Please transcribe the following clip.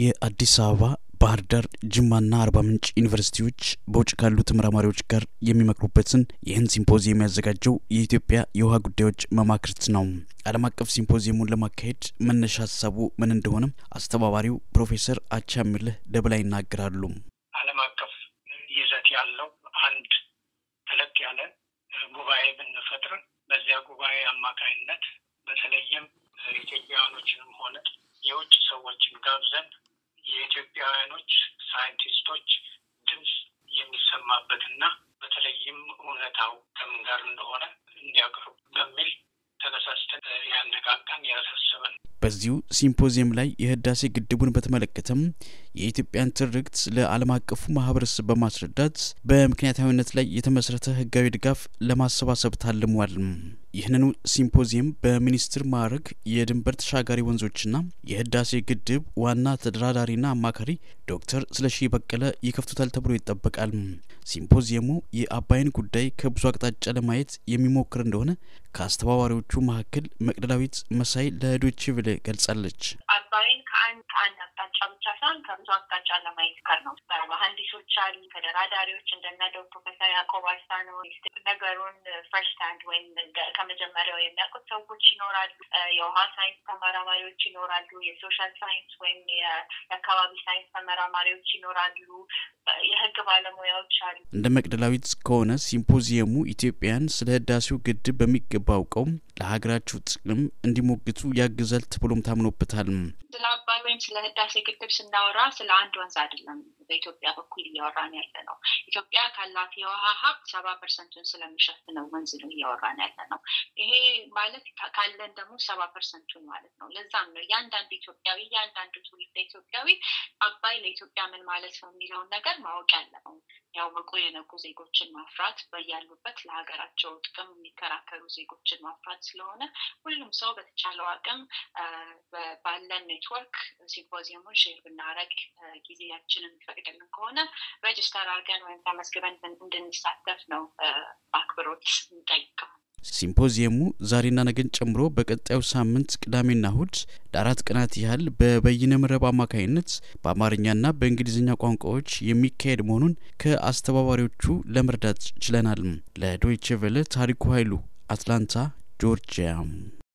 የአዲስ አበባ ባህር ዳር ጅማና አርባ ምንጭ ዩኒቨርሲቲዎች በውጭ ካሉ ተመራማሪዎች ጋር የሚመክሩበትን ይህን ሲምፖዚየም ያዘጋጀው የኢትዮጵያ የውሃ ጉዳዮች መማክርት ነው። ዓለም አቀፍ ሲምፖዚየሙን ለማካሄድ መነሻ ሀሳቡ ምን እንደሆነም አስተባባሪው ፕሮፌሰር አቻምልህ ደብላ ይናገራሉ። ዓለም አቀፍ ይዘት ያለው አንድ ተለቅ ያለ ጉባኤ ብንፈጥር በዚያ ጉባኤ አማካኝነት በተለይም ኢትዮጵያውያኖችንም ሆነ የውጭ ሰዎችን ጋብዘን የኢትዮጵያውያኖች ሳይንቲስቶች ድምፅ የሚሰማበትና በተለይም እውነታው ከምን ጋር እንደሆነ እንዲያቀርቡ በሚል ተነሳስተን ያነቃቃን ያሳሰበን። በዚሁ ሲምፖዚየም ላይ የህዳሴ ግድቡን በተመለከተም የኢትዮጵያን ትርክት ለዓለም አቀፉ ማህበረሰብ በማስረዳት በምክንያታዊነት ላይ የተመሰረተ ህጋዊ ድጋፍ ለማሰባሰብ ታልሟል። ይህንኑ ሲምፖዚየም በሚኒስትር ማዕረግ የድንበር ተሻጋሪ ወንዞችና የህዳሴ ግድብ ዋና ተደራዳሪና አማካሪ ዶክተር ስለሺ በቀለ ይከፍቱታል ተብሎ ይጠበቃል። ሲምፖዚየሙ የአባይን ጉዳይ ከብዙ አቅጣጫ ለማየት የሚሞክር እንደሆነ ከአስተባባሪዎቹ መካከል መቅደላዊት መሳይ ለዶይቼ ቬለ ገልጻለች። አባይን ከአንድ ከአንድ አቅጣጫ ብቻ ሳይሆን ከብዙ አቅጣጫ ለማየት ከር ነው። መሀንዲሶች አሉ፣ ተደራዳሪዎች እንደነ ዶክተር ያዕቆብ ነው ነገሩን ፈርስት ወይም ከመጀመሪያው የሚያውቁት ሰዎች ይኖራሉ። የውሃ ሳይንስ ተመራማሪዎች ይኖራሉ። የሶሻል ሳይንስ ወይም የአካባቢ ሳይንስ ተመራማሪዎች ይኖራሉ። የህግ ባለሙያዎች አሉ። እንደ መቅደላዊት ከሆነ ሲምፖዚየሙ ኢትዮጵያን ስለ ህዳሴው ግድብ በሚገባ አውቀው ለሀገራችሁ ጥቅም እንዲሞግቱ ያግዛል ተብሎም ታምኖበታል። ስለ ህዳሴ ግድብ ስናወራ ስለ አንድ ወንዝ አይደለም በኢትዮጵያ በኩል እያወራን ያለ ነው። ኢትዮጵያ ካላት የውሃ ሀብት ሰባ ፐርሰንቱን ስለሚሸፍነው ወንዝ ነው እያወራን ያለ ነው። ይሄ ማለት ካለን ደግሞ ሰባ ፐርሰንቱን ማለት ነው። ለዛም ነው እያንዳንዱ ኢትዮጵያዊ እያንዳንዱ ትውልደ ኢትዮጵያዊ አባይ ለኢትዮጵያ ምን ማለት ነው የሚለውን ነገር ማወቅ ያለ ነው። ያው ብቁ የነቁ ዜጎችን ማፍራት በያሉበት ለሀገራቸው ጥቅም የሚከራከሩ ዜጎችን ማፍራት ስለሆነ ሁሉም ሰው በተቻለው አቅም ባለን ኔትወርክ ሲምፖዚየሙን ሼር ብናረግ ጊዜያችንን ፈቅድልን ከሆነ ሬጅስተር አርገን ወይም ተመዝግበን እንድንሳተፍ ነው በአክብሮት እንጠይቀው። ሲምፖዚየሙ ዛሬና ነገን ጨምሮ በቀጣዩ ሳምንት ቅዳሜና እሁድ ለአራት ቀናት ያህል በበይነ መረብ አማካኝነት በአማርኛና በእንግሊዝኛ ቋንቋዎች የሚካሄድ መሆኑን ከአስተባባሪዎቹ ለመርዳት ችለናል። ለዶይቼ ቬለ ታሪኩ ኃይሉ አትላንታ ጆርጂያ